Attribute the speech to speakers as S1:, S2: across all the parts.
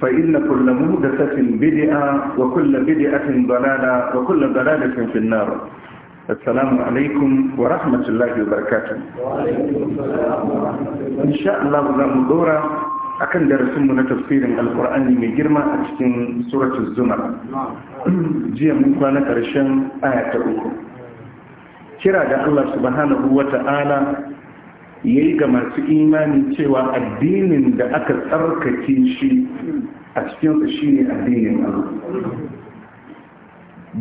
S1: فإن كل مهدسة بدعة وكل بدعة ضلالة وكل ضلالة في النار السلام عليكم ورحمة الله وبركاته إن شاء الله زم دورة أكن درسمنا تفسير القرآن من جرمة أتكين سورة الزمر جي ممكن ترشن آية أخرى kira da Allah subhanahu wa ta'ala ya yi ga masu imani cewa addinin da aka tsarkake shi a cikinsa shi ne addinin Allah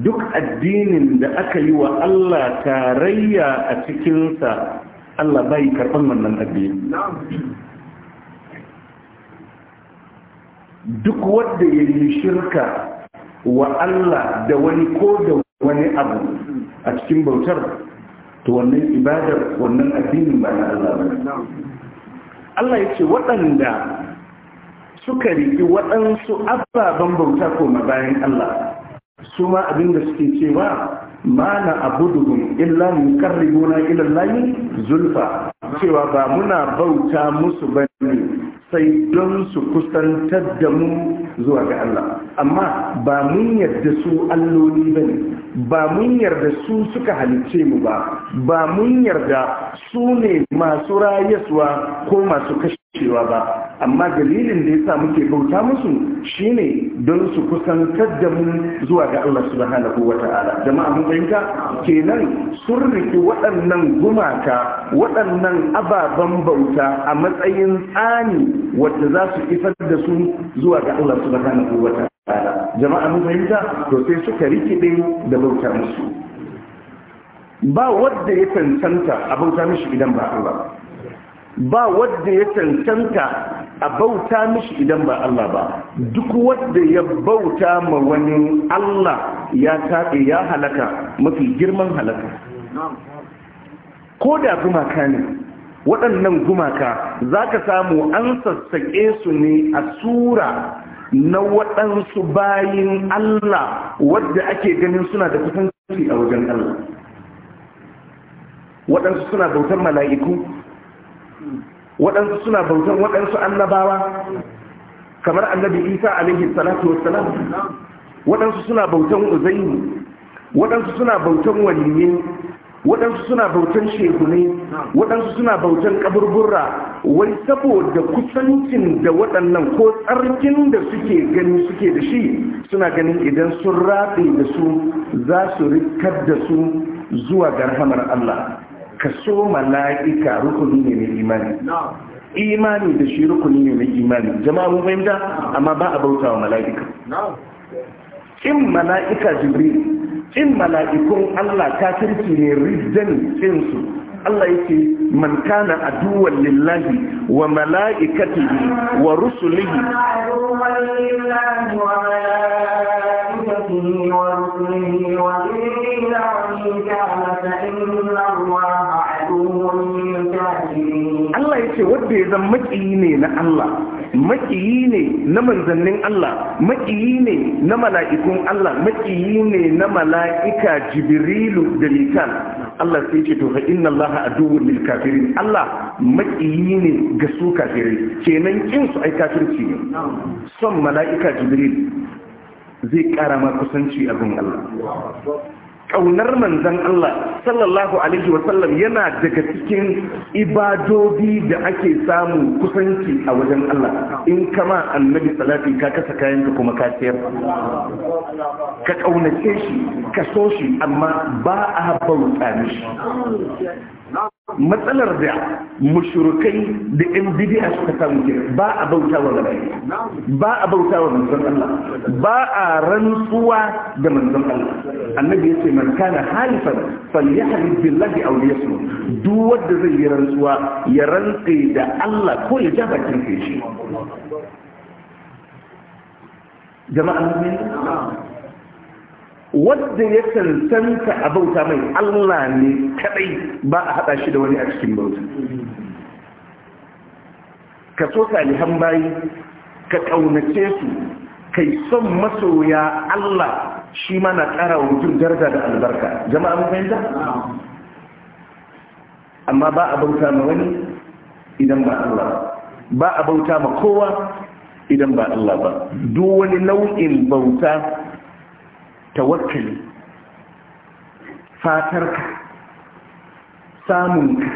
S1: duk addinin da aka yi wa Allah tarayya a cikinsa Allah bai karɓar wannan addini duk wadda ya yi shirka wa Allah da wani ko da wani abu a cikin bautar to wannan ibadar wannan addinin ba na Allah ba Allah ya ce waɗanda suka riƙi waɗansu ababen bauta ko bayan Allah su ma da suke cewa ma na abuduhum illa min gona ilan layi zulfa cewa ba muna bauta musu ba ne sai don su kusantar da mu zuwa ga Allah amma ba mun yarda su alloli ba ne. ba mun yarda su suka halice mu ba ba mun yarda su ne masu rayaswa ko masu kashe cewa ba amma dalilin da yasa muke bauta musu shine don su kusan kaddamu mu zuwa ga Allah subhanahu wata'ala jama'a mun fahimta kenan sun riki waɗannan gumaka waɗannan ababen bauta a matsayin tsani wanda za su isar da su zuwa ga Allah subhanahu wata'ala jama'a mun fahimta to sai suka rikide da bauta musu ba wanda ya tantanta a bauta mishi idan ba Allah ba ba wadda ya cancanta a bauta mishi idan ba Allah ba duk wadda ya bauta ma wani Allah ya taɓe ya halaka mafi girman halaka ko da gumaka ne waɗannan gumaka za ka samu an sassaƙe su ne a sura na waɗansu
S2: bayin Allah
S1: wadda ake ganin suna da kusanci a wajen Allah waɗansu suna bautar mala'iku waɗansu suna bautan waɗansu annabawa kamar annabi isa alaihi salatu wassalam waɗansu suna bautan uzaini waɗansu suna bautan waliyyai waɗansu suna bautan shekune waɗansu suna bautan kaburburra wai saboda kusancin da waɗannan ko tsarkin da suke gani suke da shi suna ganin idan sun rafe da su za su rikar da su zuwa ga garhamar Allah Kaso mala'ika rukuni ne mai imani imani da shi rukuni ne mai imani jama'a mun fahimta amma ba a bauta wa mala'ika in mala'ika jibril in mala'ikun Allah kafirci ne rijjan cinsu Allah yake man kana aduwan lillahi wa mala'ikatihi wa rusulihi
S2: allah ورسله ودينه وإن كان فإن الله عدو للكافرين
S1: الله maƙiyi ne na manzannin Allah Maƙiyi ne na mala'ikun Allah Maƙiyi ne na mala'ika jibrilu da mikal Allah sai ce to fa inna Allah mil kafirin Allah maƙiyi ne ga su kafirai kenan kin su ai kafirci ne son mala'ika jibril zai ƙara kusanci a zan Allah ƙaunar manzan Allah sallallahu alaihi wasallam yana daga cikin ibadobi da ake samun kusanci a wajen Allah in kama annabi salafi ka kasa kayanka kuma ka ka ƙaunace shi ka so shi amma ba a bauta mishi matsalar da mushrikai da yan bidiya suka samu ke ba a bauta wa malaika ba a bauta wa manzon Allah ba a rantsuwa da manzon Allah annabi ce man kana halifan falyahlif billahi aw liyasmut duk wanda zai yi rantsuwa ya rantse da Allah ko ya ja bakin shi jama'a wadda ya cancanta a bauta mai Allah ne kadai ba a hada shi da wani a cikin bauta ka so salihan bayi ka kaunace su kai son masoya Allah shi mana na kara wujin daraja da albarka jama'a mun fahimta amma ba a bauta ma wani idan ba Allah ba a bauta ma kowa idan ba Allah ba duk wani nau'in bauta tawakkali fatarka samunka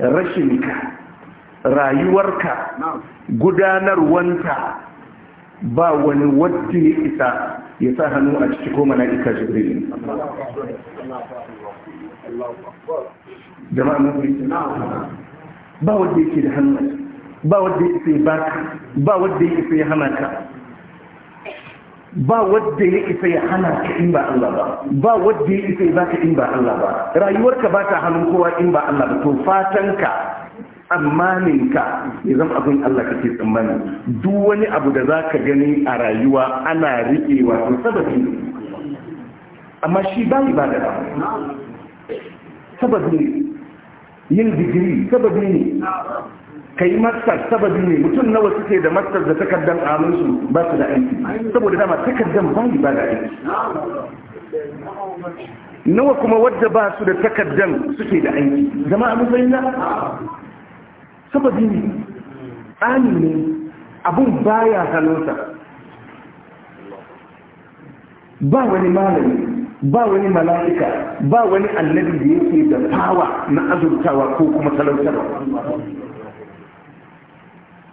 S1: rashinka rayuwarka gudanarwanta ba wani wadda ya isa ya sa hannu a ciki ko mala'ika jibril jama'a mafi ba wadda ke da hannu ba wadda ya isa ya baka ba wadda ya isa ya hana ka ba wadda ya isa ya hana ka in ba Allah ba ba wadda ya isa ya baka in ba Allah ba rayuwarka ba ta hannun kowa in ba Allah ba to fatanka ka, ya zama abin Allah kake tsammani duk wani abu da za ka gani a rayuwa ana riƙewa wato sababi amma shi ba ba da sababi yin digiri sababi ne ka yi masar sababi ne mutum nawa suke da masar da takardar aminsu ba su da aiki saboda dama takardar bayi ba da aiki nawa kuma wadda ba su da takardar suke da aiki zama a matsayin na sababi ne tsani ne abun baya halota ba wani malami ba wani mala'ika ba wani annabi da yake da fawa na azurtawa ko kuma talautarwa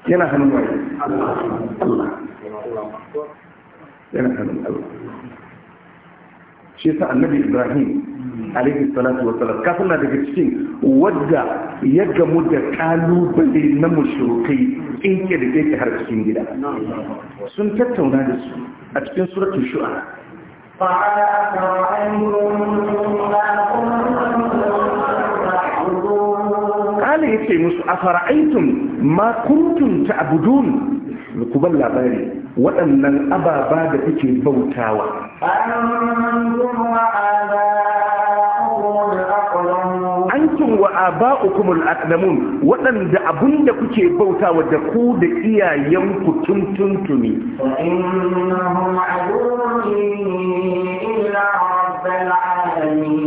S1: yana hannun waye Allah yana hannun Allah shi yasa annabi Ibrahim alaihi salatu wa salam kafin na daga cikin wadda ya gamu da kalubale na in kinke da kake har cikin gida sun tattauna da su a cikin suratul shu'ara fa'ala ta'ayyu ma kuntum ce musu a fara'aitun ma kuntum ta abudun ku ban labari waɗannan ababa da kuke bautawa An kun wa aba'ukum al-aqdamun waɗanda abun da kuke bautawa da ku da ku tun tuntuni
S2: innahum aduwwun illa rabbil alamin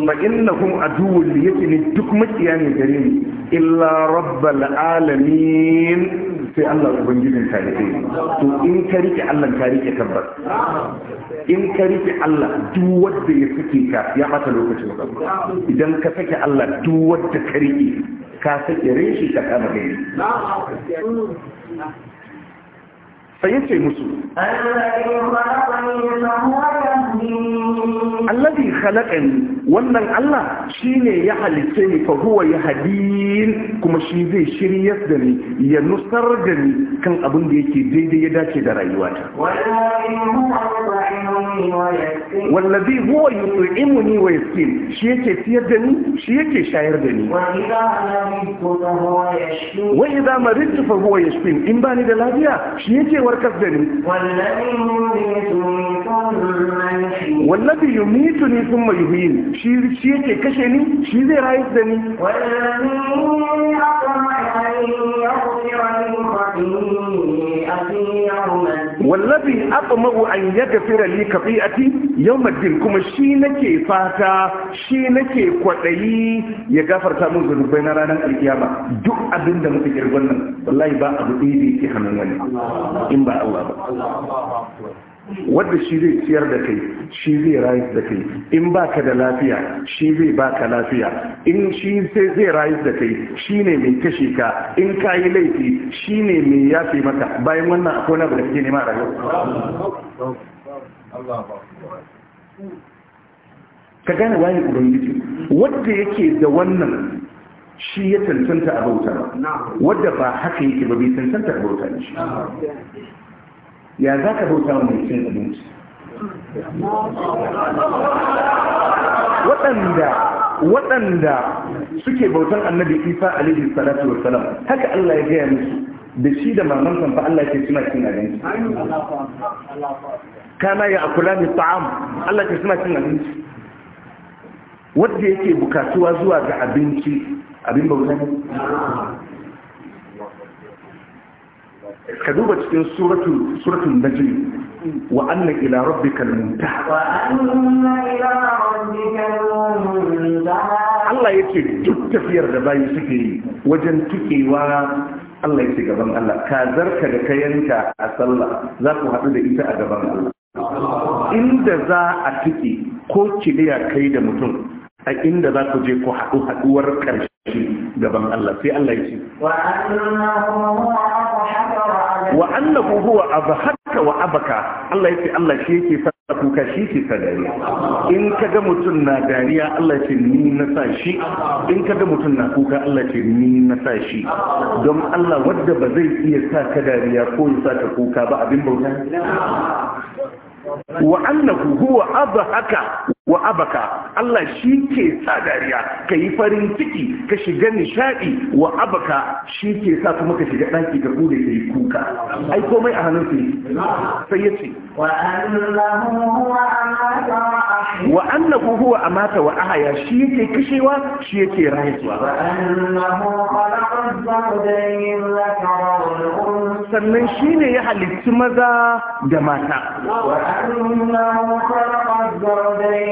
S1: thumma innahum aduwwun li yakini duk makiya ne gare ni illa rabbal alamin sai Allah ubangijin tarihi to in ka rike Allah ka rike tabbas in ka rike Allah duk wanda ya sake ka ya bata lokacin ka idan ka sake Allah duk wanda ka rike ka sake reshi ka kama sai yace musu allazi khalaqani wannan Allah shine ya halice ni fa huwa yahdin kuma shi zai shiryar da ni ya nusar da ni kan abin da yake daidai ya dace da rayuwata wallazi huwa yut'imuni wa yaskin shi yake tiyar da ni shi yake shayar da ni
S2: wa idha maridtu
S1: fa huwa yashfin in bani da lafiya shi yake warkas da ni wallabi yumitu ni sun mai yi shi shi yake kashe ni shi zai rayu da ni aka aqma'u an yaghfira li kafi'ati yawm ad-din kuma shi nake fata shi nake kwadayi ya gafarta mun zunubai na ranar alkiyama duk abin da muka kirgon nan wallahi ba abu ɗaya da yake hannun wani in ba Allah
S3: ba wadda
S1: shi zai ciyar da kai shi zai rayu da kai in baka da lafiya shi zai baka lafiya in shi sai zai rayu da kai shi ne mai kashe ka in ka yi laifi shi ne mai yafe maka bayan wannan akwai na da kake nema a rayuwa ka gane waye ubangiji wadda yake da wannan shi ya cancanta a bauta wadda ba haka yake ba bai cancanta a bauta ne shi ya za ka bauta mai cin abinci
S3: waɗanda
S1: waɗanda suke bautan annabi isa alaihi salatu wa salam haka allah ya gaya musu da shi da mamansa ba allah ke suna cin abinci kana ya akula ni ta'am allah ke suna cin abinci wadda yake bukatuwa zuwa ga abinci abin ba wuce ka duba cikin suratun najin wa anna ila Allah ila ce yake duk tafiyar da bayi suke yi wajen tukewa Allah ce gaban Allah ka zarka da kayanka a sallah za ku haɗu da ita a gaban Allah inda za a tuke ko kiliya kai da mutum a inda za ku je ku haɗu haɗuwar ƙarshe gaban Allah sai Allah ya ce
S2: wa annahu
S1: huwa abhaka wa abaka Allah ya ce Allah shi yake sa kuka shi ke sa dariya in ga mutum na dariya Allah ce ni na sa shi in ka ga mutum na kuka Allah ce ni na sa shi don Allah wadda ba zai iya sa ka dariya ko ya sa ka kuka ba abin bauta wa annahu huwa abhaka wa abaka Allah shi ke sa dariya ka yi farin ciki ka shiga nishadi wa abaka shi ke sa kuma ka shiga ɗaki ka bude ka yi kuka ai komai a hannun su sai ya ce wa annahu huwa amata wa ahaya shi yake kashewa shi yake rayuwa
S2: sannan shi ne ya halitti maza da mata wa annahu khalaqa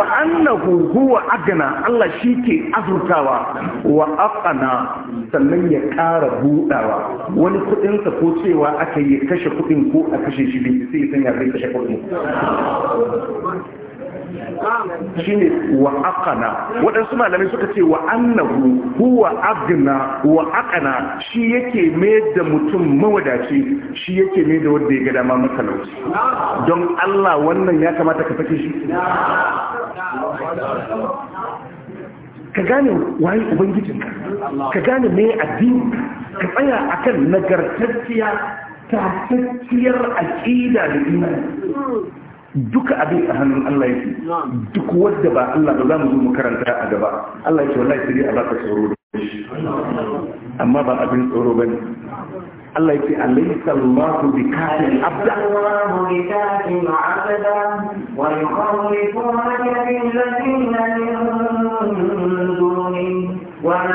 S1: wa annahu huwa agna Allah shi ke azurtawa wa aqna sannan ya ƙara budawa wani kudin sa ko cewa aka yi kashe kudin ko a kashe shi bai sai san ya zai kashe kudin shine wa aqana malamai suka ce wa annahu huwa abdina, wa aqana shi yake mai da mutum mawadaci shi yake mai da wanda ya ga dama matalauci don Allah wannan ya kamata ka sake shi ka gane waye ubangijinka ka gane me addini ka tsaya akan nagartacciya tatacciyar aqida da imani duka abin a hannun Allah yake duk wadda ba Allah ba za mu zo mu karanta a gaba Allah yake wallahi sai a baka tsoro amma ba abin tsoro bane Allah yake alaysa Allahu bikafin abda Allahu bikafin
S2: abda wa yukhawwifunaka bil ladina min dunihi Allah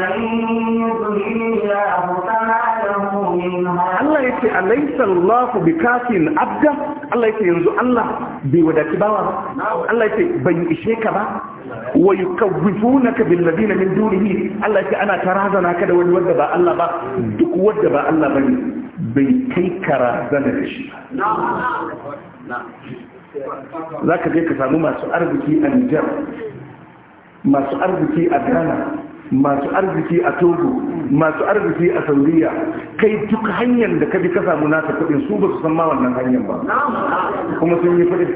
S2: ya ce
S1: alaisan lafi bi kafin abda Allah ya ce yanzu Allah bai wadaci bawa ba Allah ya ce ban ishe ka ba wa yukawwifunaka bil ladina min dunihi Allah ya ce ana tarazana ka da wani wadda ba Allah ba duk wadda ba Allah bane bai kai kara zana da shi
S3: za ka je ka samu
S1: masu arziki a Nijar masu arziki a Ghana masu arziki a togo masu arziki a saudiya kai duk hanyar da kaji bi ka samu nasa kudin su ba su san ma wannan hanyar ba kuma sun yi kudin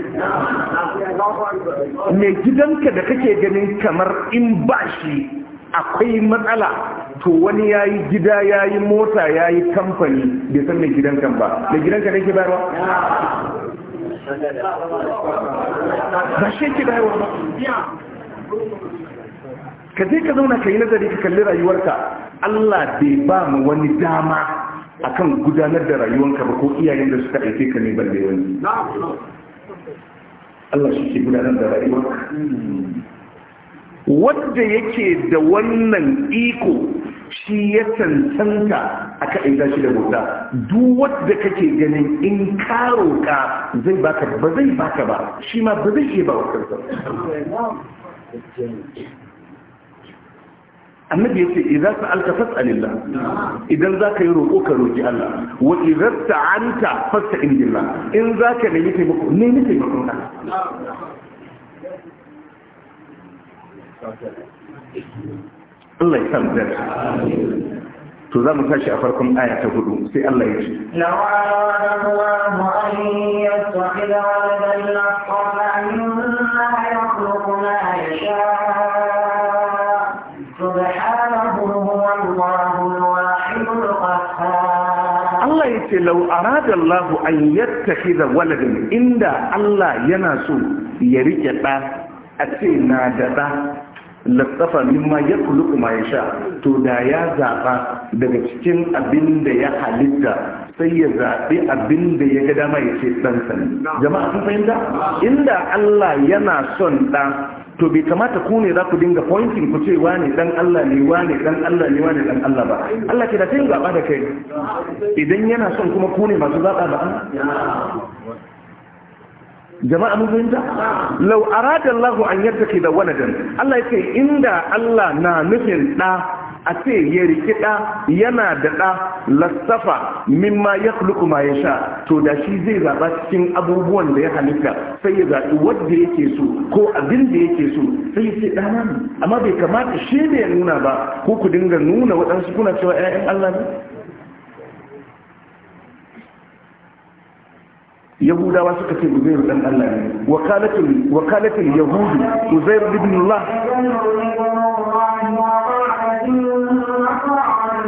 S1: mai gidanka da kake ganin kamar in ba shi akwai matsala to wani ya yi gida ya yi mota ya yi kamfani bai san mai gidanka ba mai gidanka ne ke bayarwa
S3: ba shi ke bayarwa ba
S1: ka je ka zauna ka yi nazari ka kalli rayuwarka Allah bai ba mu wani dama akan gudanar da rayuwarka ba ko iyayen da suka aike ka ne balle wani Allah shi ke gudanar da rayuwarka wanda yake da wannan iko shi ya cancanta a kaɗai za shi da bauta duk wadda kake ganin in ka roƙa zai baka ba zai baka ba shi ma ba zai iya ba wa annabi yace idza sa'alta fas'alillah idan zaka yi roƙo ka roki Allah wa idza ta'anta fasta'in billah in zaka nemi taimako ne ne taimako ka Allah ya san da to za mu tashi a farkon aya ta hudu sai Allah ya ce
S2: la'anallahu an yastahila wa la yaqulu ma yaqulu ma yasha
S1: ce lau arada Allah an da waladin inda Allah yana so ya rike ɗa a ce na da ɗa latsafa mimma ya kulu kuma ya sha to da ya zaɓa daga cikin abin da ya halitta sai ya zaɓi abin da ya ga dama ya ce ɗansa ne jama'a sun fahimta inda Allah yana son ɗa to bai kamata ku ne za ku dinga pointing ku ce wane dan Allah ne wane dan Allah ne wane dan Allah ba Allah ke da sai zaba da kai idan yana son kuma ku ne masu zaba ba jama'a mun fahimta law arada Allah an yarda yartaki da waladan Allah yake inda Allah na nufin da a ce ya ɗa yana da ɗa lassafa mimma ya ma ya sha to da shi zai zaɓa cikin abubuwan da ya halitta sai ya zaɓi wadda yake so ko abin da yake so sai ya ce ɗana ne amma bai kamata shi ne ya nuna ba ko ku dinga nuna waɗansu kuna cewa 'ya'yan Allah ne yahudawa suka ce uzairu dan Allah ne wakalatul wakalatul yahudi uzairu ibn Allah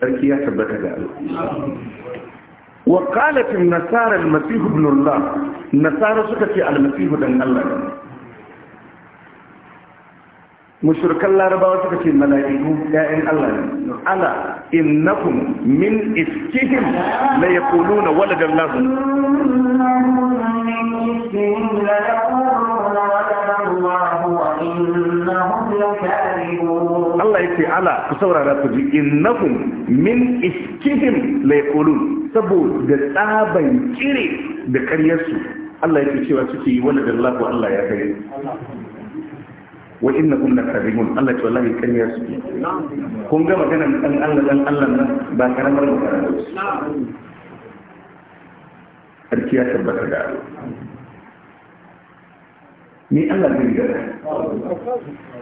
S1: sarki ya tabbata ga Allah wa qalat an-nasara al-masih ibn Allah nasara suka ce al-masih dan Allah mushrikan larabawa suka ce mala'iku ya'yan Allah ne ala innakum min iskihim
S2: la yaquluna
S1: walada Allah ya ce ala ku saurara ku ji innakum min iskihim la yaqulun saboda tsaban kire da karyarsu Allah ya ce cewa suke yi walada Allah Allah ya gare wa innakum lakazibun Allah ce wallahi kariya su kun ga maganar dan Allah dan Allah nan ba karamar magana ba sarki ya tabbata da ni Allah zai da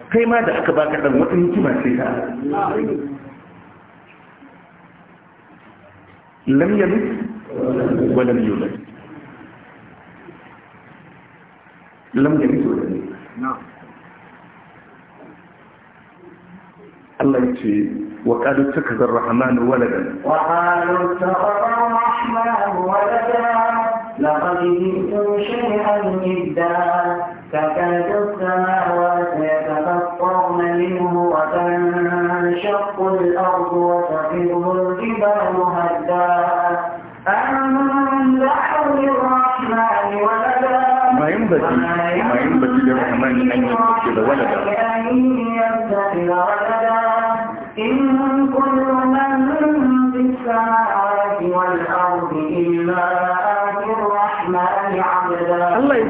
S1: kai ma da aka baka dan wata hikima ce ta lam yalid wa lam yulad lam yalid wa lam الله يكفي وقالوا اتخذ الرحمن ولدا
S2: وقالوا اتخذ الرحمن ولدا لقد جئتم شيئا جدا تكاد السماوات يتقطعن منه وتنشق الارض وتخذه الجبال هدا من دعوا للرحمن ولدا ما ينبغي ما ينبغي
S1: للرحمن أن يتخذ ولدا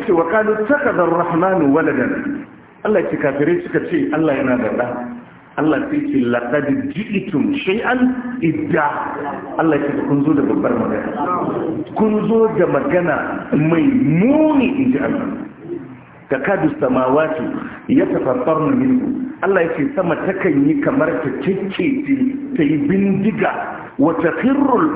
S1: ce wa kalu takazar rahmanu waladan Allah ce kafirai suka ce Allah yana da ɗa Allah sai ce laqad ji'tum shay'an idda Allah ce kun zo da babbar magana kun zo da magana mai muni in inji Allah takadu samawati yatafaffarna minhu Allah ya ce sama takan yi kamar ta ciccece ta yi bindiga wata wa takhirrul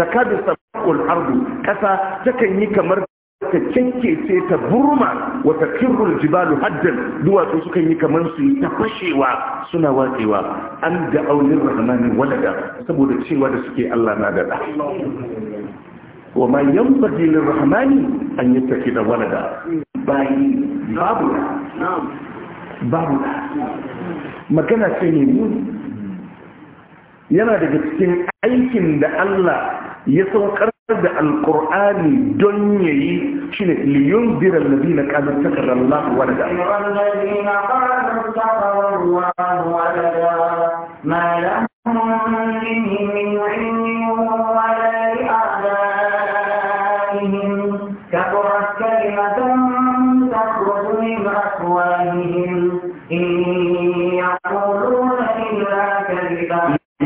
S1: takadu samawati al-ardu kasa takan yi kamar ta kyankyece ta burma wata kirrul jibalu haddan duwatsu sukan yi kamar su yi ta fashewa suna watsewa an da aunin rahmanin walada saboda cewa da suke Allah na da wa ma yan fadilin rahmani an yi tafi da walada
S3: bayi babu da
S1: babu da magana ce ne mu yana daga cikin aikin da Allah ya saukar da alkur'ani don ya yi shi ne liyun zirar na zina kanar takar Allah wa da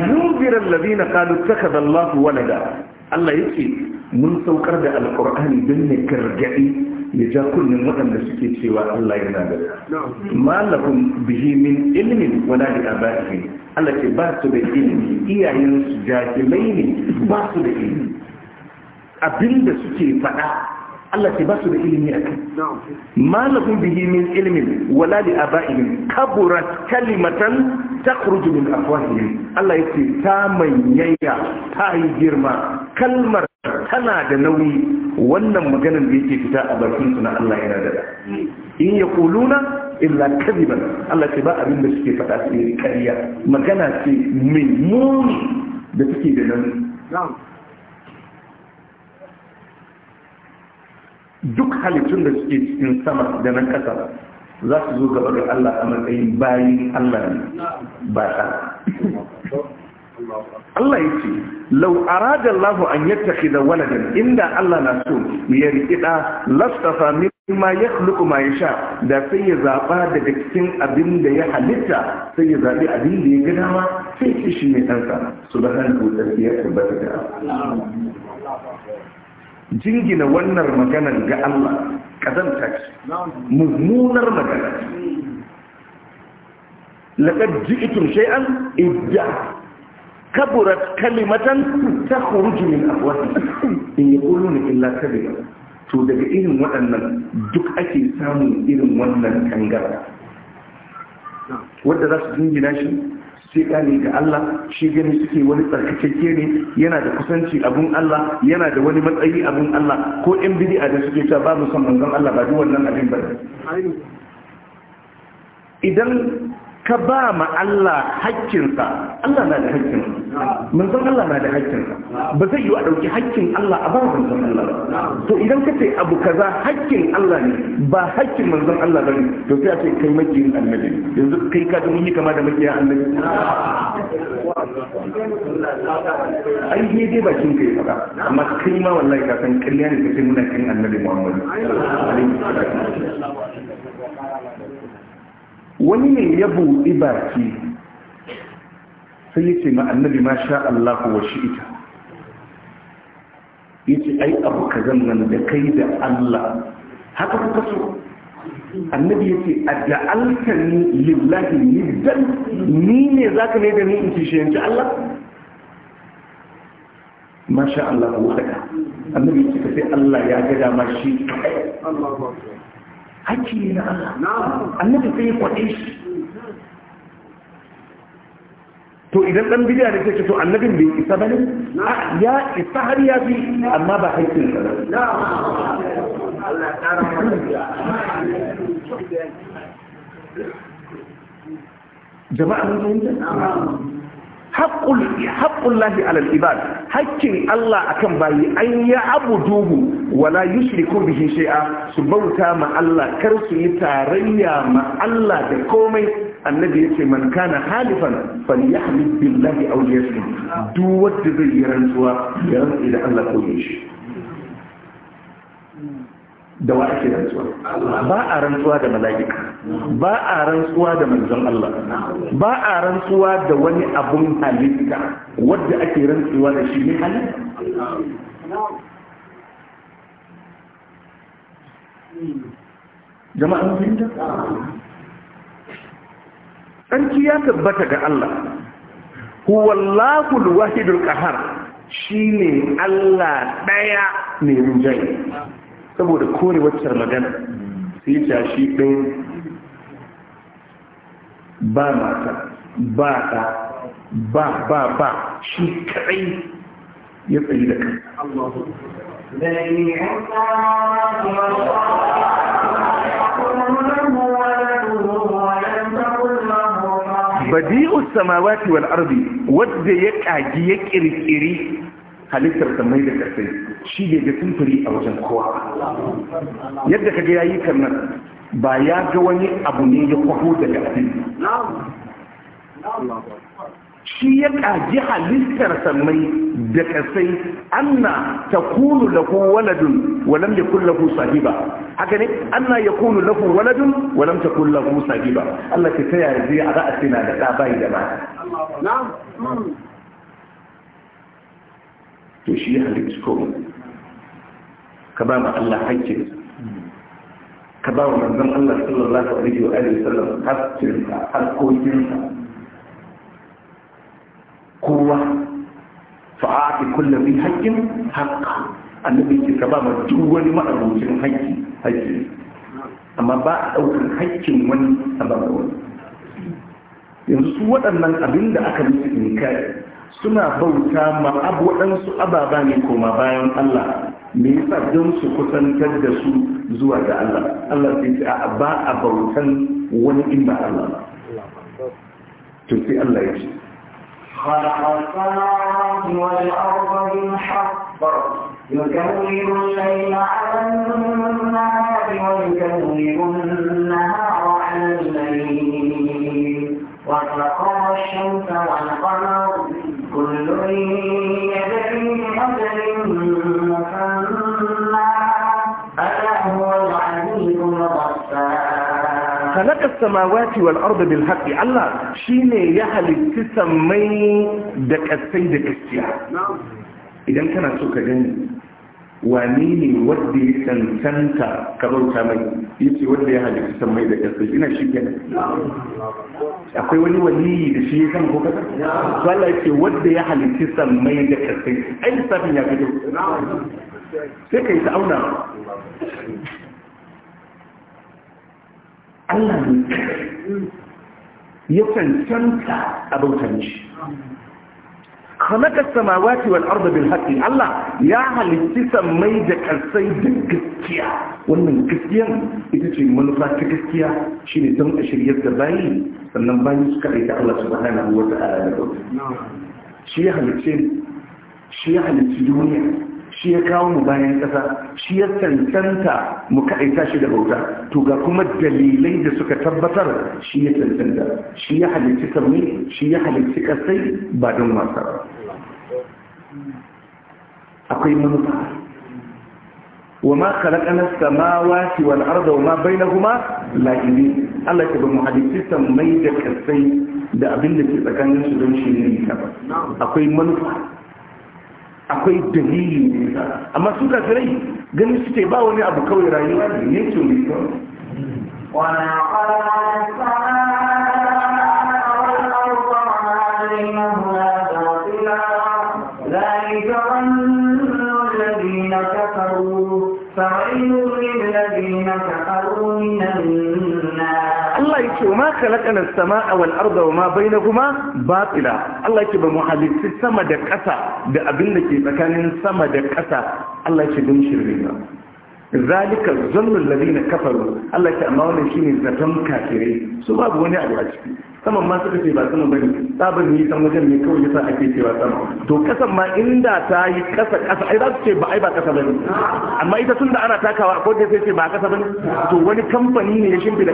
S1: ينذر الذين قالوا اتخذ الله ولدا Allah yake mun saukar da alkur'ani don ne gargaɗi ya ja kunnen waɗanda suke cewa Allah yana da malakun bihi ilimin ilmin wala a abaihi Allah ce ba su da ilimi iyayen su jahilai ne ba su da ilimi abinda suke faɗa Allah ce ba su da ilimi a kai malakun bihi min ilimin wala li aba'ihim kaburat kalimatan takhruju min afwahihim Allah yake ta manyayya ta yi girma kalmar tana da nauyi wannan maganar da yake fita a bakin su na Allah yana da in yaquluna illa kadiban Allah ce ba abin da suke faɗa sai ƙarya magana ce mai muni da suke da nauyi duk halittun da suke cikin sama da na kasa za su zo gaba ga Allah a matsayin bayan Allah ne ba ta Allah ya ce lau arada Lahu an yattaki da waladin inda Allah na so ya rikida lastafa ma ya khluqu ma sha da sai ya zaba daga cikin abin da ya halitta sai ya zaɓi abin da ya ga dama sai shi mai ɗansa subhanahu hannu da ya tabbata da jingina wannan maganar ga Allah kazanta ce mummunar magana laqad ji'tum shay'an idda kaburat kalimatan takhruju min afwahikum in yaquluna illa kadhiba to daga irin waɗannan duk ake samu irin wannan kangara wanda za su jingina shi sai gane ga Allah shi gani suke wani tsarkakakke ne yana da kusanci abun Allah yana da wani matsayi abun Allah ko yan bid'a da suke ta ba mu san manzon Allah ba duk wannan abin ba idan ka ba ma Allah haƙƙinsa Allah na da haƙƙinsa manzon Allah na da haƙƙinsa ba zai yi a dauki haƙƙin Allah a ba manzon Allah to idan ka abu kaza haƙƙin Allah ne ba haƙƙin manzon Allah ba to sai a ce kai makiyin annabi yanzu kai ka mun yi kama da makiyin annabi ai ne dai bakin kai faɗa amma kai ma wallahi ka san kalliya ne ka ce muna kin annabi Muhammad alaihi
S3: salatu
S1: wani ne ya buɗi baki sai ya ce ma annabi ma sha Allah wa shi'ita ya ce ai abu ka zannan da kai da Allah haka kuka so annabi ya ce a ja'alta ni lillahi niddan ni ne za ka ne da ni in kishiyanci Allah ma sha Allah wa haɗa annabi ya ce ka sai Allah ya gada ma shi
S2: hakki ne na Allah annabi
S3: sai ya kwaɗe shi
S1: to idan dan bidiya ne ke to annabin bai isa bane ya isa har ya fi amma ba haƙƙin sa jama'a mun fahimta haƙƙun lahi alal ibad haƙƙin Allah akan bayi an ya abu dubu wala ko bihin shay'a su bauta ma Allah kar su yi tarayya ma Allah da komai annabi yace man kana halifan falyahmid billahi aw yashkur duk wanda zai yi rantsuwa ya rantsi da Allah ko shi da wa ake rantsuwa ba a rantsuwa da mala'ika ba a rantsuwa da manzon Allah ba a rantsuwa da wani abun halitta wadda ake rantsuwa da shi ne halitta jama'a mun fahimta sarki ya tabbata ga Allah huwallahu alwahidul qahar shine Allah daya ne rinjaye saboda kore waccar magana sai ta shi ɗaya ba mata ba ta ba ba ba
S2: shi kaɗai
S1: ya tsayi da kan badi'u samawati wal ardi wadda ya kagi ya kirkiri halittar samai da ƙasai shi ne da sumfuri a wajen kowa yadda kaga yayi karnan ba ya ga wani abu ne ya kwafo daga abin shi ya ƙaji halittar sammai da ƙasai anna ta kunu lahu waladun walam ya kun lahu sahiba haka ne anna ya kunu lahu waladun walam ta kun lahu sahiba Allah ta tayar zai a ra'a na da ɗa bayi da mata to shi ya halittu komai ka ba ma Allah haƙƙinsa ka ba wa manzon Allah sallallahu alaihi wa alihi sallam haƙƙinsa haƙƙoƙinsa kowa fa'aƙi kullabi haƙƙin haƙƙa annabi ce ka ba ma duk wani ma'abucin haƙƙi haƙƙi amma ba a ɗaukar haƙƙin wani a ba wani yanzu su waɗannan abin da aka musu inkari suna bauta ma waɗansu ababa ne koma bayan Allah me yasa don su kusantar da su zuwa ga Allah Allah sai ce a ba a bautan wani in ba Allah
S2: ba
S1: to sai Allah ya ce
S2: خلق السماوات والأرض بالحق يكلم الليل على النهار ويكلم النهار على الليل وسخر الشمس والقمر خلق السماوات
S1: والأرض بالحق الله شيني يهل تسمي دكتين دكتين إذا كانت سوكا جنب wani ne wanda ya cancanta ka bauta mai ce wanda ya halitta san mai da ƙasa ina shi kenan akwai wani waliyi da shi ya san ko kasa to Allah ce wanda ya halitta san mai da ƙasa ai lissafin ya fito sai yi ta auna Allah ne ya cancanta a bauta shi khalaqa samawati wal arda bil haqqi Allah ya halitti sammai da karsai da gaskiya wannan gaskiya ita ce manufa ta gaskiya shine don a shiryar da bayi sannan bayi suka aika Allah subhanahu wa ta'ala da shi ya halitti shi ya halitti duniya shi ya kawo mu bayan ƙasa shi ya cancanta mu kaɗaita shi da bauta to ga kuma dalilai da suka tabbatar shi ya cancanta shi ya halicci sarni shi ya halicci ƙasai ba don wasa akwai manufa wa ma khalaqana samawati wal arda wa ma bainahuma la'ibin Allah ya ba mu halitta sammai da kasai da abin da ke tsakanin su don shi ne akwai manufa akwai dalili ne amma su kafirai gani suke ba wani abu kawai rayuwa ne ne to ne khalaqana as-samaa wal arda wa ma bainahuma batila Allah yake ba mu halitta sama da ƙasa da abin da ke tsakanin sama da ƙasa Allah yake dun shirri ba zalika zannul ladina kafaru Allah yake amma wannan shine zaton kafirai su babu wani abu a ciki saman ma suka ce ba sama bane tsabar ni san wajen ne kawai yasa ake cewa sama to kasan ma inda ta yi kasa kasa ai za su ce ba ai ba kasa bane amma ita ana takawa akwai sai ce ba bane to wani kamfani ne ya shimfi da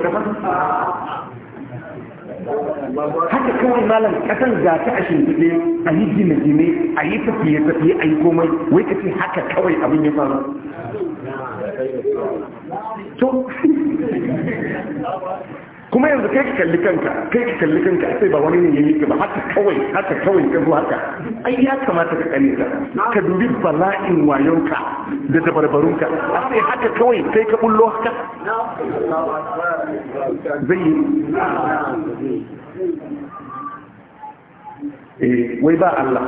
S1: haka kawai malam kasan za ta a shimfiɗe a yi gine-gine a yi tafiye-tafiye a yi komai wai ka ce haka kawai abin ya faru to kuma yanzu kai ka kalli kanka kai ka kalli kanka sai ba wani ne ya yi ba haka kawai haka kawai ka zo haka ai ya kamata ka kare ka ka dubi bala'in wayonka da dabarbarunka sai haka kawai sai ka bullo haka zai yi wai ba Allah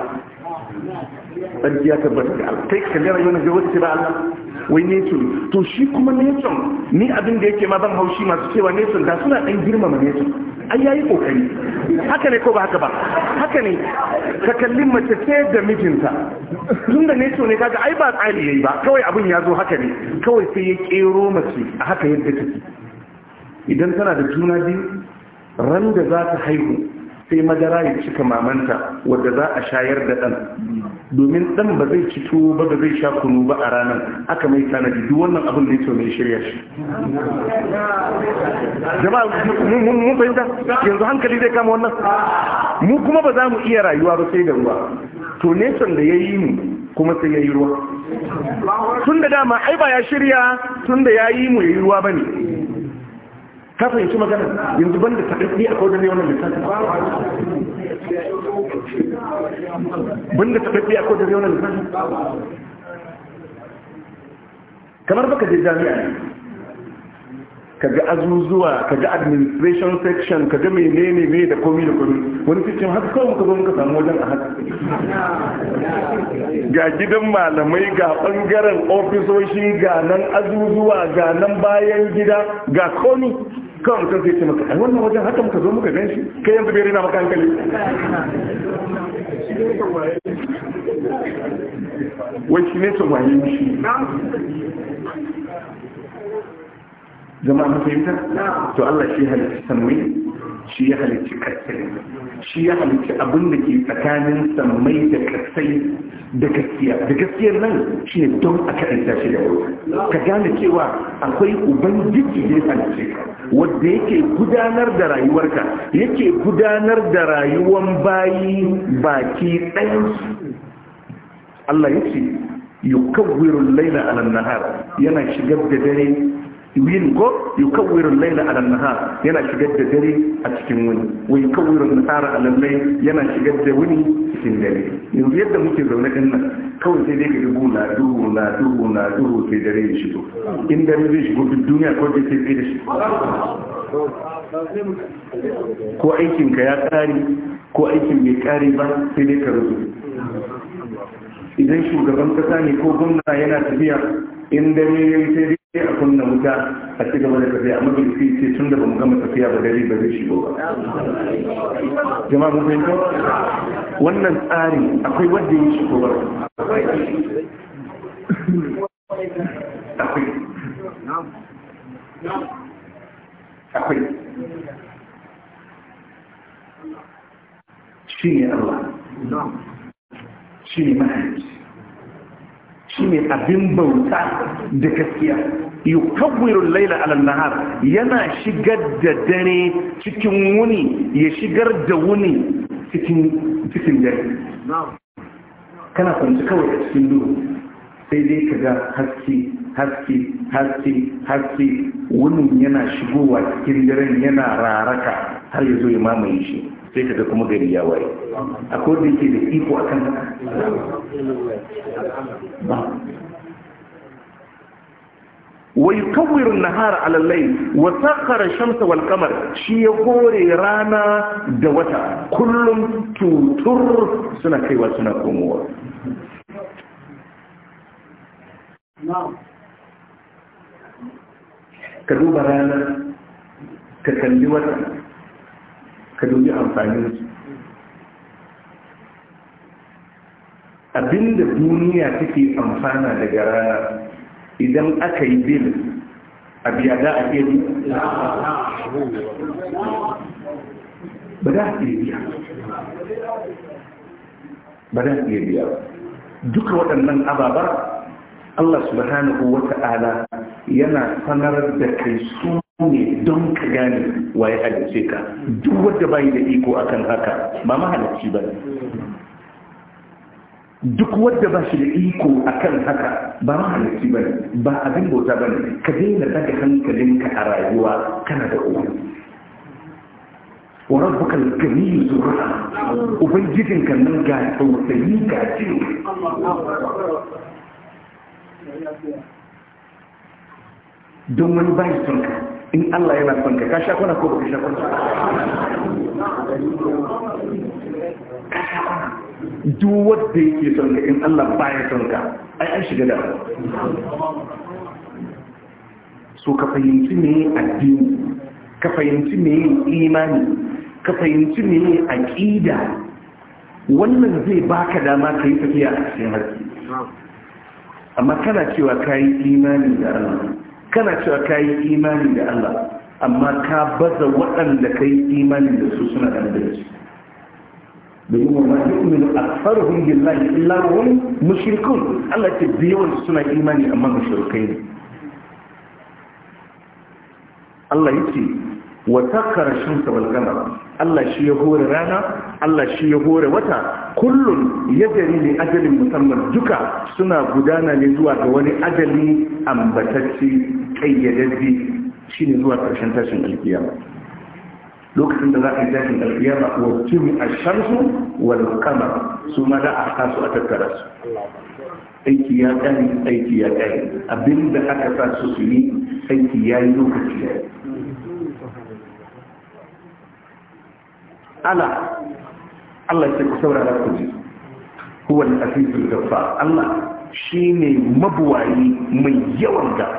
S3: sarki ya tabbata da Allah kai kalli rayuwa da wata ce ba Allah
S1: wai nation to shi kuma nation ni abin da yake ma ban haushi masu cewa nation da suna dan girmama nation ai yayi kokari haka ne ko ba haka ba haka ne ka kalli mace ce da mijinta tun da nation ne kaga ai ba tsari yayi ba kawai abin ya zo haka ne kawai sai ya kero mace a haka yadda take idan tana da juna biyu ran da za ta haihu sai madara ya cika mamanta wadda za a shayar da ɗan domin dan ba zai ci tuwo ba zai sha kunu ba a ranar aka mai tanadi duk wannan abin da ya mai shirya shi
S3: jama'a mun fahimta
S1: yanzu hankali zai kama wannan mu kuma ba za mu iya rayuwa ba sai da ruwa to nesan da ya yi mu kuma sai ya yi ruwa tun da dama ai ba ya shirya tun da ya yi mu ya yi ruwa ba ne ka fahimci magana yanzu ban da taɗaɗɗi a kawai ne wannan littafin
S3: banda ta tafiya ko da raunar lissafi
S1: kamar baka je jami'a kaga azuzuwa kaga administration section kaga menene ne da komi da komi wani cikin haka kawai muka zo muka samu wajen a haka ga gidan malamai ga bangaren ofisoshi ga nan azuzuwa ga nan bayan gida ga komi kawai mutum sai ce maka a wannan wajen haka muka zo muka gan shi kai yanzu bai rina maka hankali
S3: shi ne tawayen shi
S1: zama ta? to Allah shi halittar sanwai shi ya halicci kasai shi ya abin ke tsakanin samai da kasai da gaskiya da gaskiyar nan shi ne don a ɗanta shi da wata ka gane cewa akwai ubangiji da ya halicce wanda yake gudanar da rayuwarka yake gudanar da rayuwan bayi baki ɗayansu Allah ya ce yukawwirul laila ala yana shigar da dare yuhin ko yukawwirul laila ala nahar yana shigar da dare a cikin wani wa yukawwirul nahara ala layl yana shigar da wani cikin dare yanzu yadda muke zaune din nan kawai sai dai ka dubu na duhu na duhu na duhu sai dare ya shigo in dare zai shigo duk duniya ko zai sai da shi ko aikin ka ya kare ko aikin bai kare ba sai dai ka rubu idan shugaban kasa ne ko gwamna yana tafiya in dare ya yi sai sai a kunna wuta a ci gaba da tafiya ce tun da gama tafiya ba gari ba zai shigo ba jama'a mun fahimta wannan tsari akwai wanda ya shigo ba akwai akwai shi ne Allah shi ne mahaifi shine abin bauta da gaskiya yukawwirul laila ala nahar yana shigar da dare cikin wuni ya shigar da wuni cikin cikin dare kana kwanci kawai a cikin duhu sai dai ka ga haske haske haske haske wunin yana shigowa cikin daren yana raraka har ya zo ya mamaye shi sai ka kuma gari ya waye a kodin ke da iko a kan wai kawirin nahara alallai wa sakara shamsa wal kamar shi ya hore rana da wata kullum tutur suna kaiwa suna komowa ka duba rana ka kalli wata ka dubi amfanin su abinda duniya take amfana daga rana idan aka yi bil a biya za a iya ba za a iya biya ba za a iya biya duka waɗannan ababar Allah subhanahu wa ta'ala yana sanar da kai su ne don ka gane waye halice ka duk wadda bayi da iko akan haka ba mahalicci ba ne duk wadda ba shi da iko akan haka ba mahalicci ba ne ba abin bauta ba ne ka daina daga hankalinka a rayuwa kana da al-gani umarni وربك الكريم ذو الرحمة وبنجدن كان نلقى توسعين كاتيو دون من بايسونك in Allah yana son ka ka sha kwana ko baka sha kwana ka
S3: sha kwana
S1: duk wanda yake son ka in Allah baya son ka ai an shiga da so ka fahimci me addini ka fahimci me imani ka fahimci me aqida wannan zai baka dama ka yi tafiya a cikin harki amma kana cewa yi imani da Allah kana cewa ka yi imani da Allah amma ka baza waɗanda ka yi imani da su suna da adalci domin wa mafi umin aksaruhun billahi illa wani mushrikun Allah ce biyawan suna imani amma mushrikai ne Allah yi ce, wata shamsa wal qamar Allah shi ya hore rana Allah shi ya hore wata Kullum ya yajri li ajalin musamman duka suna gudana ne zuwa ga wani ajali ambatacce kayyadadde shine zuwa ƙarshen tashin alkiyama lokacin da za a yi tashin alkiyama wa jimi a shamsu wani kamar su ma da a kasu a tattara su aiki ya kare aiki ya Abin da aka sa su su yi aiki ya yi lokaci ya ala Allah ce ku saurara ku ji huwa al-azizul ghaffar Allah shine mabuwayi mai yawan gafa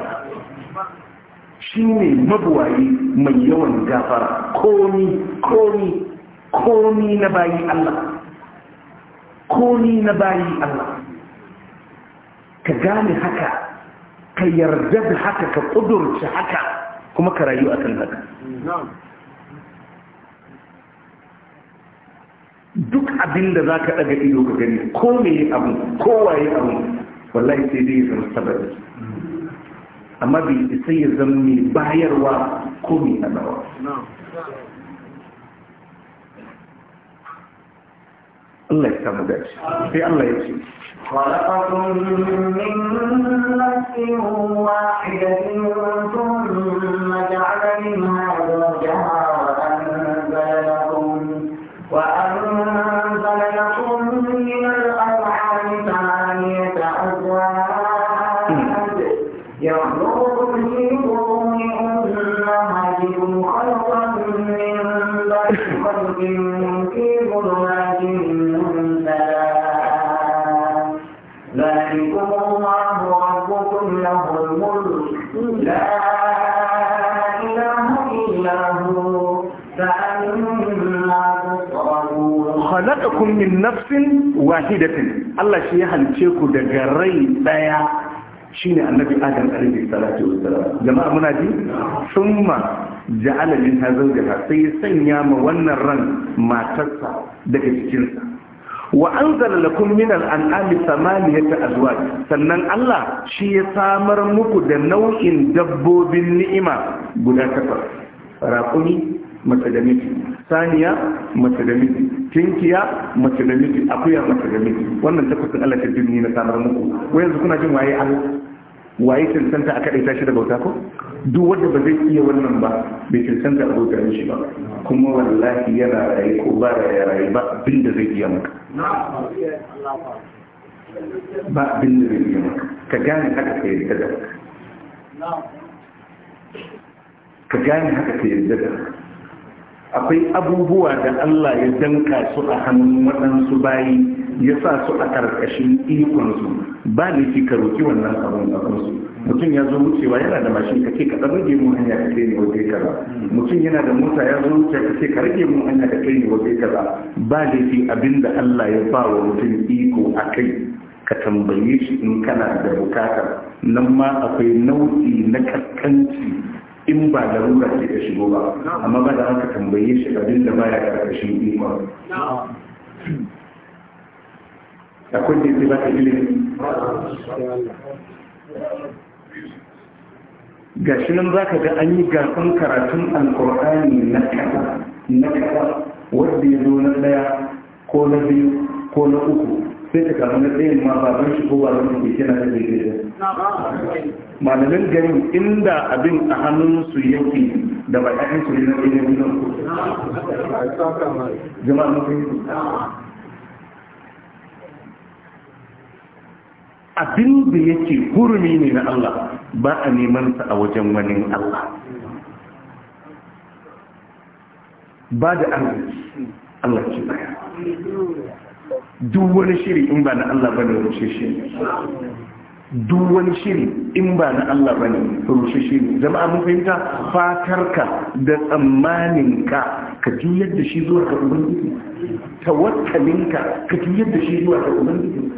S1: shi ne mabuwaye mai yawan gafara komi komi komi na bayi Allah komi na bayi Allah ka gane haka ka yarda da haka ka kudurci haka kuma ka rayu akan haka duk abin da za ka ɗaga ido ka gani ko me abu kowaye abu wallahi sai dai zama sabari amma bai isa ya zama mai bayarwa ko mai hanawa Allah ya samu dace sai Allah ya ce
S2: خلقكم من نفس واحدة ثم جعل منها زوجها
S1: khalaqakum min nafsin wahidatin Allah shi ya halice ku daga rai daya shine annabi Adam alaihi salatu wassalam jama'a muna ji summa ja'ala min hazawjaha sai sanya ma wannan ran matarsa daga cikin sa wa anzala lakum min al-an'ami thamaniyata azwaj sannan Allah shi ya samar muku da nau'in dabbobin ni'ima guda takwas raƙumi mace da saniya mace da tinkiya mace da akuya mace da wannan takwasin Allah ta jirgin na samar muku wai yanzu kuna jin waye Allah waye cancanta a kaɗaita shi da bauta ko duk wanda ba zai iya wannan ba bai cancanta a bauta shi ba kuma wallahi yana rayu ko ba ya rayu ba abin da zai iya maka ba abin da zai iya maka ka gane haka ka yarda da ka gane haka ka yarda da akwai abubuwa da Allah ya danka su a hannun waɗansu bayi ya sa su a ƙarƙashin ikonsu ba da fi ka roƙi wannan abin a kansu mutum ya zo wucewa yana da mashin ka ce ka ɗan rage mun hanya ka kai ne waje kaza mutum yana da mota ya zo wucewa ka ce ka rage mun hanya ka kai ne waje kaza ba da fi abin da Allah ya ba wa mutum iko a kai ka tambaye shi in kana da bukatar nan ma akwai nau'i na kaskanci in ba da rura ce ka shigo ba amma ba da haka tambaye shi abin da baya karkashin ikon da da yake ba ka ilimi ga shi nan za ka ga an yi gasan karatun alkur'ani na kasa na kasa wanda ya zo na ɗaya ko na biyu ko na uku sai ta kama na tsayin ma ba don shigo ba don shi kina da zai gaisa malamin garin inda abin a hannunsu yake da ba ƴaƴan su ne na tsayin gudun ku jama'a mafi abin da yake hurumi ne na Allah ba a neman sa a wajen wani Allah ba da arziki Allah ke baya duk wani shiri in ba na Allah ne rushe shi duk wani shiri in ba na Allah ne rushe shi jama'a mun fahimta fatarka da tsammaninka ka ji yadda shi zuwa ga ubangiji tawakkalinka ka ji yadda shi zuwa ka ubangiji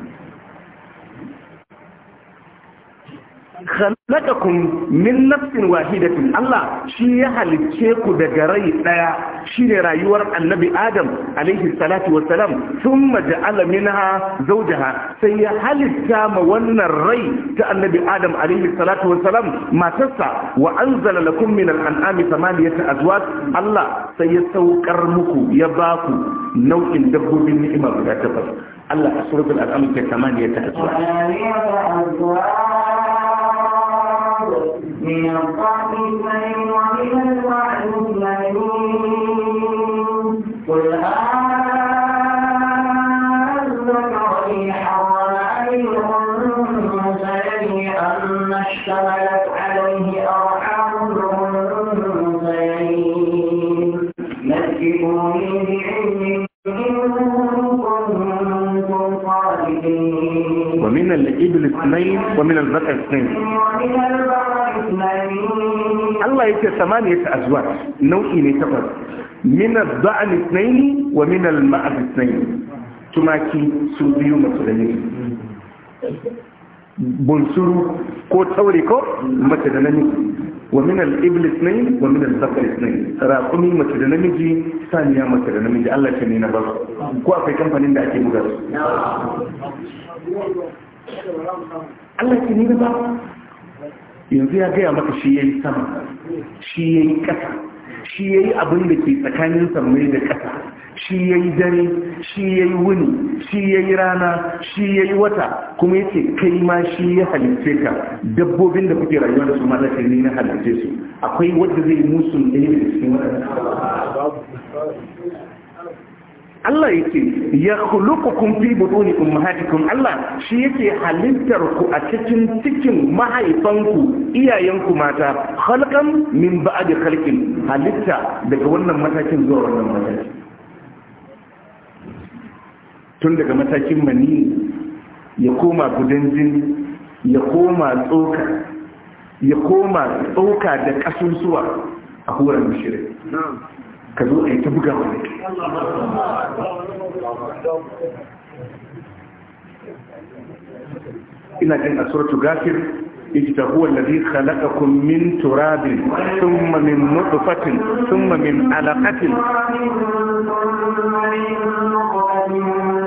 S1: khalaqakum min nafsin wahidatin Allah shi ya halicce ku daga rai daya shine rayuwar annabi Adam alaihi salatu wassalam thumma ja'ala minha zawjaha sai ya halitta ma wannan rai ta annabi Adam alaihi salatu wassalam matarsa wa anzala lakum min al-an'ami thamaniyata azwaj Allah sai ya saukar muku ya baku nau'in dabbobin ni'ima Allah a
S2: من الطعب اثنين ومن الوعد اثنين قل أذكرين حرم أبي الأنثيين أم اشتملت عليه أرحام الأنثيين نبئوني بعلم إن ومن
S1: الإبل اثنين ومن البقر اثنين الله يتي ثمانية أزواج نوعي نتقل من الضعن اثنين ومن المعز اثنين تماكي سوديو مسلمين bunsuru ko taure ko mace da namiji wa min al-ibl ithnayn wa min al-dhakar ithnayn raqumi mace da namiji saniya mace da namiji Allah ya ne na ba ko akwai kamfanin da ake buga su
S3: Allah ya ne na ba
S1: yanzu ya gaya maka shi yayi sama shi yayi kasa shi ya yi abin da ke tsakanin sammai da ƙasa shi ya yi dare shi ya yi wuni shi ya yi rana shi ya yi wata kuma ya ce kai ma shi ya halitce ka dabbobin da kuke rayuwa da su ma zaka ni na halitce su akwai wadda zai musu ɗaya da cikin waɗanda Allah yake ya khuluqukum fi buduni ummahatikum Allah shi yake halittar ku a cikin cikin mahaifanku iyayenku mata khalqan min ba'd khalqin halitta daga wannan matakin zuwa wannan matakin, tun daga matakin mani ya koma gudan jini ya koma tsoka ya koma tsoka da kasusuwa a huran shirin kazo ai سورة buga wani هو الذي خلقكم من تراب ثم من نطفة ثم من علقة ثم من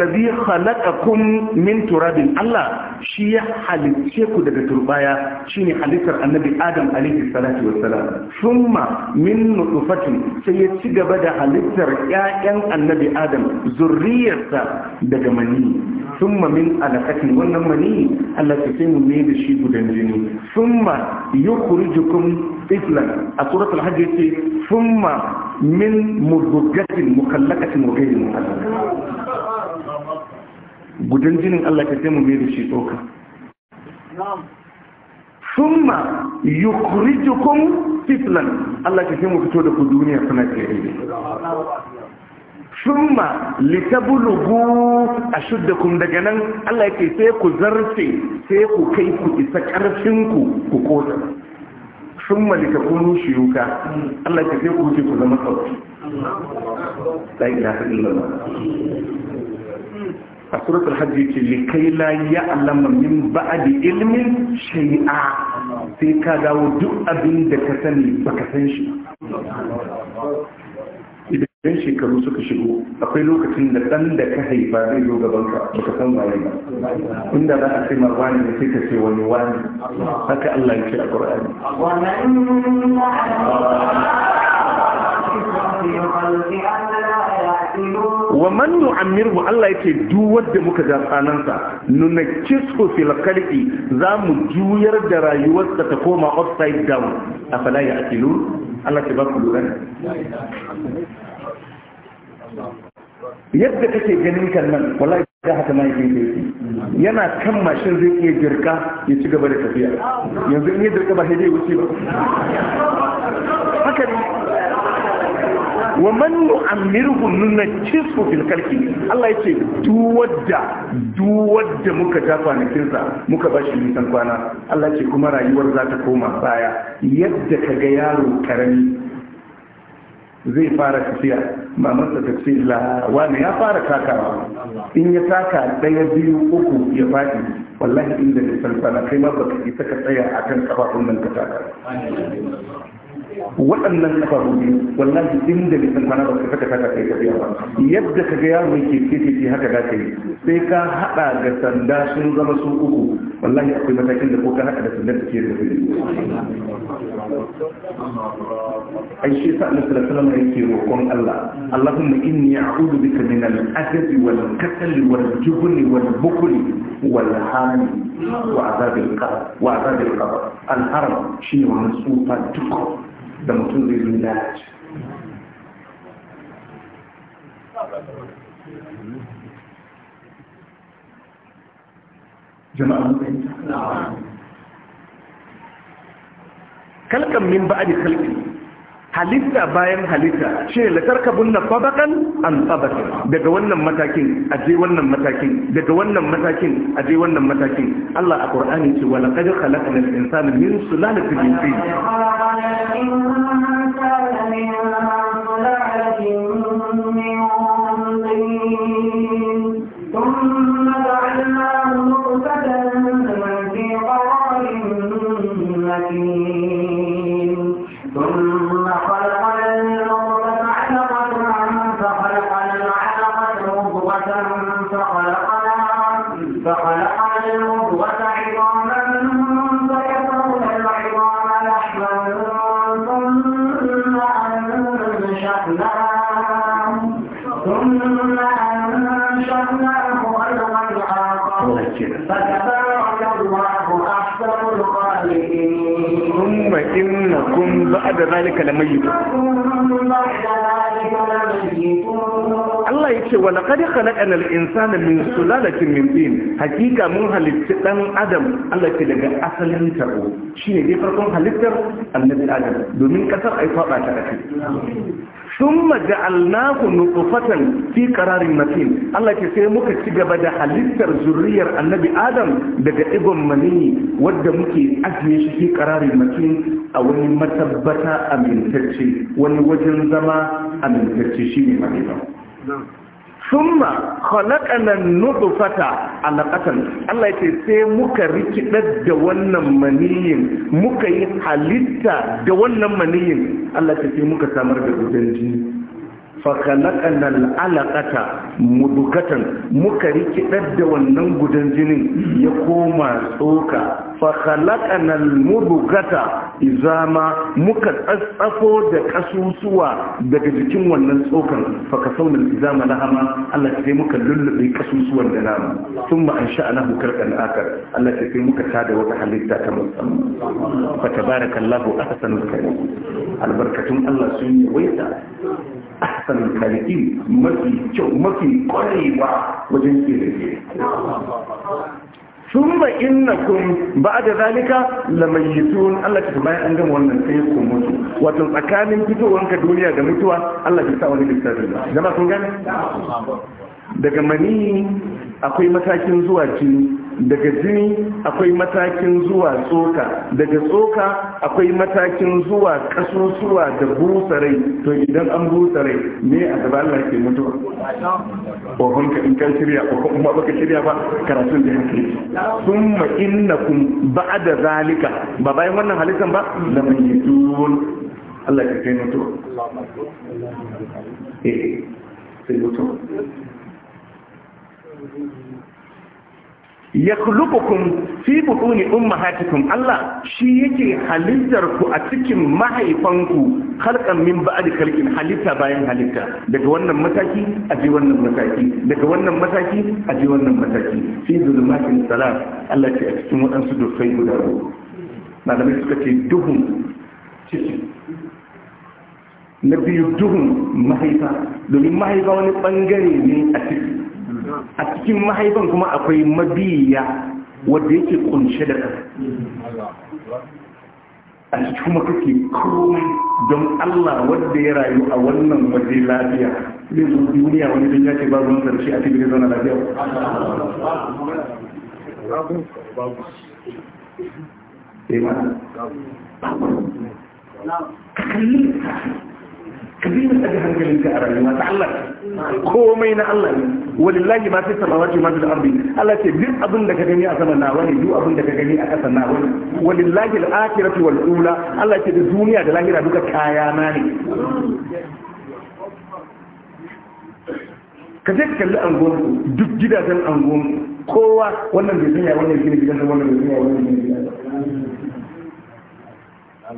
S1: wallazi khalaqakum min turabin Allah shi ya halicce ku daga turbaya shine halittar annabi Adam alaihi salatu wassalam thumma min nutfatin sai ya ci gaba da halittar ƴaƴan annabi Adam zurriyarsa daga mani thumma min alaqatin wannan mani Allah ya sai mu ne da shi gudan jini thumma yukhrijukum iflan a suratul hajj yace thumma min mudghati mukallaqatin wa ghayri mukallaqatin Gudun jinin Allah ka sai mu mai da shi tsoka summa yukhrijukum fitilan, Allah ka sai mu fito da ku duniya kuna tsere summa a ashuddakum daga nan Allah ke sai ku zarce sai ku kai ku isa ƙarfinku ku ku koda summa shi yuka Allah ke sai ku ku zama sauki la ilaha a suratul hajji ce likai la ya alama min ba'adi ilmin shai'a sai ka dawo duk abin da ka sani baka san shi idan shekaru suka shigo akwai lokacin da ɗan da ka haifa zai zo gaban ka baka san waye ba inda za a ce marwa ne sai ka ce wani wani haka Allah ya ce a
S2: Qur'ani
S1: wa man yu'ammirhu Allah yake duwar wanda muka ga tsanansa nunakisu fil khalqi za mu juyar da rayuwarsa ta koma upside down afala ya akilu Allah ke ba ku lura yadda kake ganin kan nan wallahi da haka mai yake yi yana kan mashin zai iya girka ya ci gaba da tafiya yanzu in ya girka ba sai dai wuce ba haka ne wa man nu'ammirhu nunajjisu fil kalki Allah yace duwadda duwadda muka ta kwanakin kinsa, muka bashi nisan kwana Allah yace kuma rayuwar za ta koma baya yadda ka ga yaro karami zai fara tafiya mamansa ta ce la wani ya fara takawa in ya taka ɗaya biyu uku ya faɗi wallahi inda nisan sanfana kai ma baka isa ka tsaya akan kafafun nan ka taka waɗannan kafafu biyu wallahi inda bisan kwana ba ka saka taka kai tafiya ba yadda kaga yaro yake titi haka da ka yi sai ka haɗa da sanda sun zama su uku wallahi akwai matakin da ko ka haɗa da sandar da ke da zai ai shi sa Allah sallallahu alaihi wasallam yake roƙon Allah Allahumma inni a'udhu bika min al-adabi wal katali wal jubni wal bukli wal hani wa azab al-qabr wa azab al-qabr al-haram shi ne wannan tsufa duk da mutum zai zo lalace jama'a mutum kalkan min ba'adi kalkin halitta bayan halitta shi ne latarkabun na tabakan an fabakan daga wannan matakin aje wannan matakin daga wannan matakin aje wannan matakin Allah a Qur'ani ce wala qad khalaqnal insana min sulalatin min tin
S2: ثم ثم بعد
S1: ذلك لميت Allah ya ce wa laqad khalaqana al-insana min sulalatin min tin hakika mun halitta ɗan adam Allah ce daga asalin taro shine dai farkon halittar annabi adam domin kasar ai fada ta kai summa ja'alnahu nutfatan fi qararin matin Allah ke sai muka ci gaba da halittar zuriyar annabi Adam daga ibon Manini wadda muke ajiye shi fi qararin matin a wani matabbata amintacce wani wajen zama amintacce shine mani summa khalaqana nutfata alaqatan Allah yace sai muka rikidar da wannan maniyin muka yi halitta da wannan maniyin Allah yace sai muka samar da gudan jini fakalakanan alakata mudukatan muka rikidar da wannan gudan jinin ya koma tsoka fakalakanan mudukata izama muka tsatsafo da kasusuwa daga jikin wannan tsokan fakasaunan izama na hama allah sai muka lullube kasusuwan da nama sun ma'an sha'ana hukar akar allah sai muka tada wata halitta ta musamman fata barakallahu a kasan albarkatun allah sun yi waita ahsanul khaliqin mafi kyau mafi kwarewa wajen ke da ke sun ba innakum ba da zalika lamayyitun Allah ta bayan an gama wannan sai ku mutu wato tsakanin fitowar ka duniya da mutuwa Allah ta sa wani lissafi jama'a sun gane daga mani akwai matakin zuwa jini daga jini akwai matakin zuwa tsoka daga tsoka akwai matakin zuwa kasusuwa da busarai to idan an busarai ne a gaba Allah ke mutuwa ohon ka in kan shirya ko kuma baka shirya ba karatun da haka yake summa innakum ba'da zalika ba bayan wannan halikan ba da mun yi Allah ya kai mutuwa eh sai mutuwa ya kulukukun fi butuni ummahatikum Allah shi yake halittar ku a cikin mahaifanku halkan min ba'di kalkin halitta bayan halitta daga wannan mataki a je wannan mataki daga wannan mataki a je wannan mataki fi zulumatin salat Allah ce a cikin waɗansu dufai guda malamai suka ce duhun ciki na biyu duhun mahaifa domin mahaifa wani bangare ne a ciki a cikin mahaifan kuma akwai mabiya wadda yake kunshe da ƙasa a cikin kuma kake komai don Allah wadda ya rayu a wannan waje lafiya zai zo duniya wani don ya ce ba wani karshe a cikin zauna lafiya ba eh,
S3: ba
S1: ka bi min daga hankalinka a rayuwa ta Allah komai na Allah ne walillahi ma fi samawati ma fil ardi Allah ce duk abin da ka gani a sama na wani, duk abin da ka gani a ƙasa na wani walillahi al-akhiratu wal ula Allah ce da duniya da lahira duka kaya na ne ka je kalli angon duk gidajen angon kowa wannan bai sanya wannan gidan wannan bai sanya wannan gidan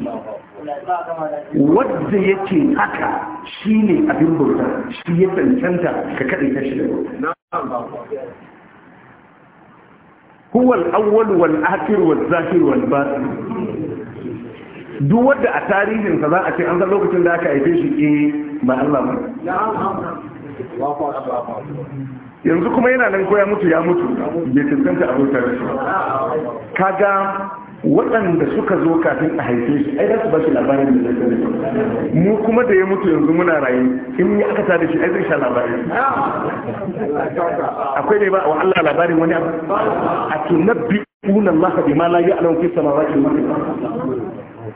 S1: gidan wadda yake haka shi ne abin bauta shi ya cancanta ka kaɗai ta shi da huwa al'awwal wal akhir wal zahir wal batin duk wadda a tarihin ka za a ce an san lokacin da aka haife shi eh ba Allah ba yanzu kuma yana nan ko ya mutu ya mutu bai cancanta abota da shi kaga waɗanda suka zo kafin a haife shi ai za su ba shi labarin da zai sani mu kuma da ya mutu yanzu muna rayu in ya aka tare shi ai zai sha labarin akwai ne ba wa Allah labarin wani abu a tunabbi Allah bima la ya'lamu fi samawati wal ardi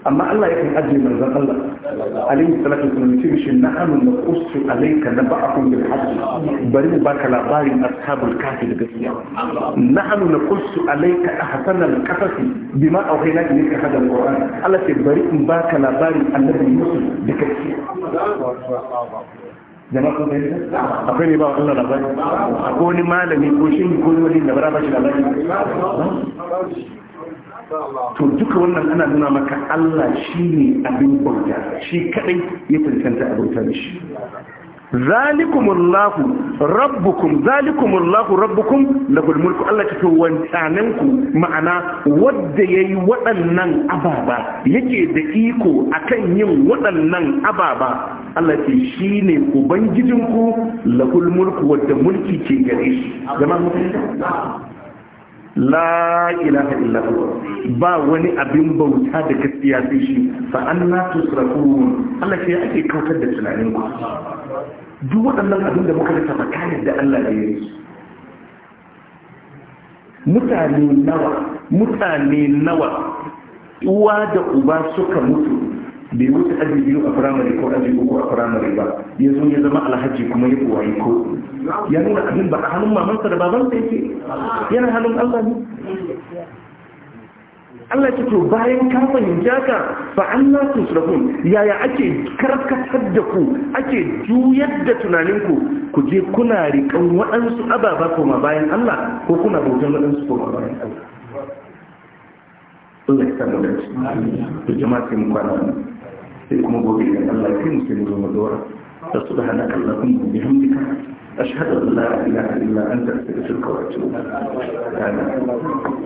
S1: أما الله يكن أجل من ذلك الله عليه الصلاة والسلام يتبش نعم نقص عليك نبعكم بالحج بريم باك لباري أصحاب الكافي لقصية نعم نقص عليك أحسن الكفف بما أوهينا إليك هذا القرآن الله تبري باك لباري النبي يوسف بكثير akwai ne ba wa Allah labari akwai wani malami ko shi ko wani labara ba shi labari
S3: to duka wannan
S1: ana nuna maka Allah shi ne abin bauta shi kadai ya tantanta bauta da shi zalikumullahu rabbukum zalikumullahu rabbukum lahul mulku Allah ta wancanan ku ma'ana wanda yayi waɗannan ababa yake da iko akan yin waɗannan ababa Allah ce shine ubangijinku lahul mulku wanda mulki ke gare shi la ilaha illa ba wani abin bauta da gaskiya sai shi fa anna tusrafu Allah sai ake kautar da tunanin ku duk waɗannan abin da muka lissafa kayan da Allah ya yi mutane nawa mutane nawa uwa da uba suka mutu bai wuce aji biyu a firamare ko aji uku a firamare ba ya zo ya zama alhaji kuma ya kowaye ko ya nuna abin ba a hannun mamansa da babansa yake yana hannun allah ne Allah ce to bayan ka fahimci haka fa Allah tusrafun yaya ake karkatar da ku ake juyar da tunaninku ku je kuna riƙan waɗansu ababa koma bayan Allah ko kuna bautan waɗansu koma bayan Allah Allah ya samu da shi da jama'a sai mu kwana sai kuma gobe idan Allah ya kai mu sai mu zo mu dora da su da hana kallakun mu bi hamdika ashhadu an la ilaha illa anta astaghfiruka wa atubu
S3: ilaik